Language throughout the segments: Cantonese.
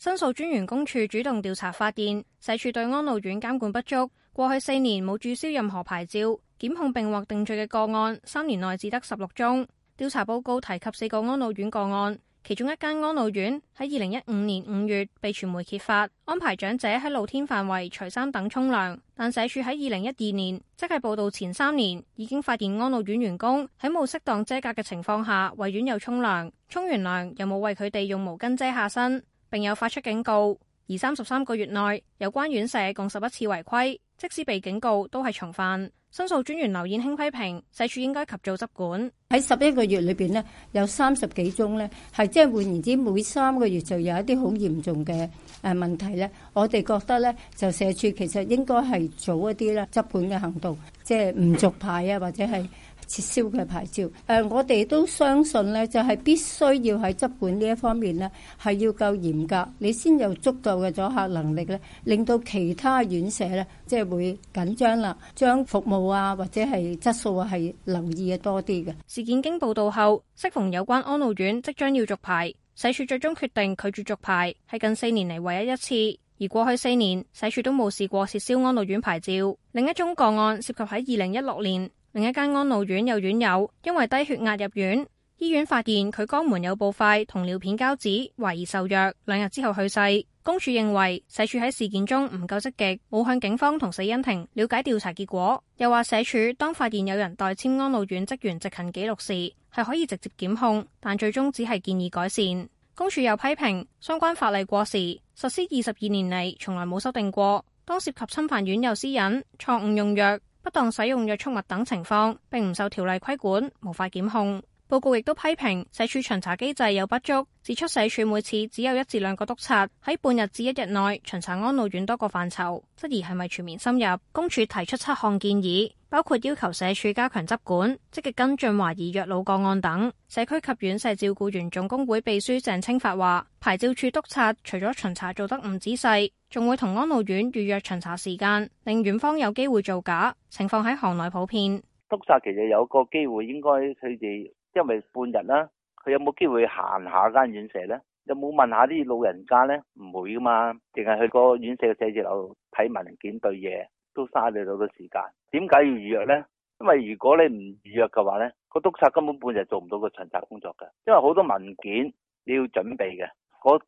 申訴專員公署主動調查，發現社署對安老院監管不足，過去四年冇注銷任何牌照，檢控並獲定罪嘅個案三年內只得十六宗。調查報告提及四個安老院個案，其中一間安老院喺二零一五年五月被傳媒揭發安排長者喺露天範圍除衫等沖涼，但社署喺二零一二年即係報道前三年已經發現安老院員工喺冇適當遮隔嘅情況下，院又為院友沖涼，沖完涼又冇為佢哋用毛巾遮下身。並有發出警告，而三十三個月內有關院舍共十一次違規，即使被警告都係重犯。申訴專員劉燕卿批評，社署應該及早執管喺十一個月裏邊呢，有三十幾宗呢係即係換言之，每三個月就有一啲好嚴重嘅誒問題咧。我哋覺得呢，就社署其實應該係早一啲咧執管嘅行動，即係唔續牌啊，或者係。撤銷嘅牌照，誒，我哋都相信呢，就係必須要喺執管呢一方面呢，係要夠嚴格，你先有足夠嘅阻嚇能力呢，令到其他院舍呢，即係會緊張啦，將服務啊或者係質素啊係留意嘅多啲嘅。事件經報道後，適逢有關安老院即將要續牌，社署最終決定拒絕續牌，係近四年嚟唯一一次。而過去四年，社署都冇試過撤銷安老院牌照。另一宗個案涉及喺二零一六年。另一間安老院有院友因為低血壓入院，醫院發現佢肛門有布塊同尿片膠紙，懷疑受虐，兩日之後去世。公署認為社署喺事件中唔夠積極，冇向警方同死因庭了解調查結果，又話社署當發現有人代簽安老院職員執勤記錄時，係可以直接檢控，但最終只係建議改善。公署又批評相關法例過時，實施二十二年嚟從來冇修訂過，當涉及侵犯院友私隱、錯誤用藥。不當使用約束物等情況，並唔受條例規管，無法檢控。報告亦都批評社署巡查機制有不足，指出社署每次只有一至兩個督察喺半日至一日內巡查安老院多個範疇，質疑係咪全面深入。公署提出七項建議，包括要求社署加強執管，積極跟進懷疑虐老個案等。社區及院舍照顧員總工會秘書鄭清發話：牌照處督察除咗巡查做得唔仔細，仲會同安老院預約巡查時間，令院方有機會造假，情況喺行內普遍。督察其實有個機會，應該佢哋。因為半日啦，佢有冇機會行下間院舍咧？有冇問下啲老人家咧？唔會噶嘛，淨係去個院舍嘅寫字樓睇文件對嘢，都嘥你好多時間。點解要預約咧？因為如果你唔預約嘅話咧，個督察根本半日做唔到個巡查工作㗎。因為好多文件你要準備嘅，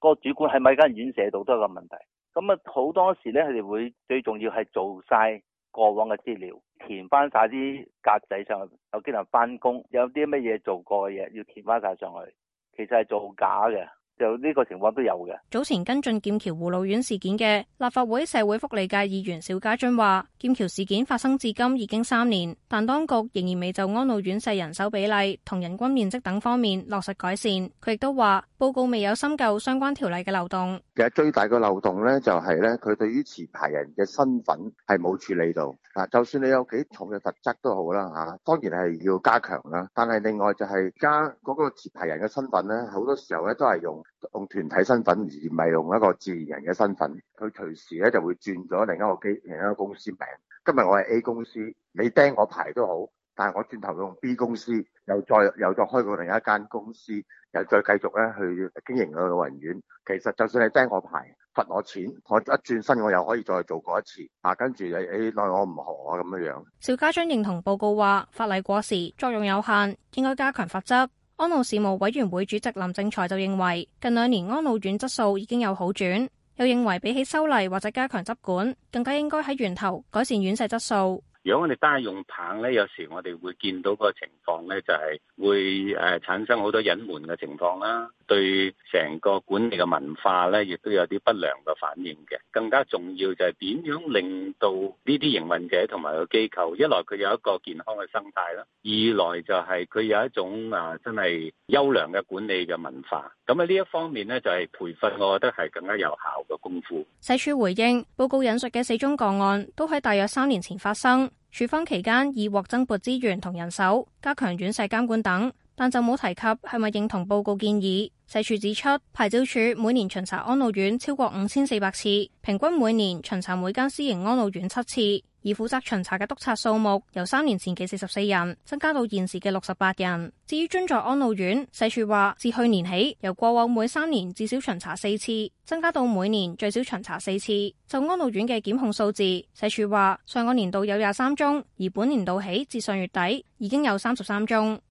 個主管喺咪間院舍度都係個問題。咁啊，好多時咧，佢哋會最重要係做晒。過往嘅資料填翻晒啲格仔上去，有經常翻工，有啲乜嘢做過嘅嘢要填翻晒上去，其實係造假嘅。就呢個情況都有嘅。早前跟進劍橋護老院事件嘅立法會社會福利界議員邵家臻話，劍橋事件發生至今已經三年，但當局仍然未就安老院舍人手比例同人均面積等方面落實改善。佢亦都話，報告未有深究相關條例嘅漏洞。其實最大嘅漏洞咧，就係咧，佢對於持牌人嘅身份係冇處理到。嗱，就算你有幾重嘅特質都好啦，嚇，當然係要加強啦。但係另外就係加嗰個持牌人嘅身份咧，好多時候咧都係用。用團體身份而唔係用一個自然人嘅身份，佢隨時咧就會轉咗另一個機、另一個公司名。今日我係 A 公司，你釘我牌都好，但係我轉頭用 B 公司，又再又再開過另一間公司，又再繼續咧去經營個老人院。其實就算你釘我牌，罰我錢，我一轉身我又可以再做過一次。啊，跟住你奈、哎、我唔何啊咁樣樣。邵家臻認同報告話，法例過時作用有限，應該加強罰則。安老事務委員會主席林正財就認為，近兩年安老院質素已經有好轉，又認為比起修例或者加強執管，更加應該喺源頭改善院舍質素。如果我哋單係用棒咧，有時我哋會見到個情況咧，就係會誒產生好多隱瞞嘅情況啦，對成個管理嘅文化咧，亦都有啲不良嘅反應嘅。更加重要就係點樣令到呢啲營運者同埋個機構，一來佢有一個健康嘅生態啦，二來就係佢有一種啊真係優良嘅管理嘅文化。咁啊呢一方面咧，就係培訓我覺得係更加有效嘅功夫。社署回應報告引述嘅四宗個案，都喺大約三年前發生。處分期間已獲增撥資源同人手，加強院舍監管等，但就冇提及係咪認同報告建議。社署指出，牌照處每年巡查安老院超過五千四百次，平均每年巡查每間私營安老院七次，而負責巡查嘅督察數目由三年前嘅四十四人增加到現時嘅六十八人。至於津助安老院，社署話自去年起，由過往每三年至少巡查四次，增加到每年最少巡查四次。就安老院嘅檢控數字，社署話上個年度有廿三宗，而本年度起至上月底已經有三十三宗。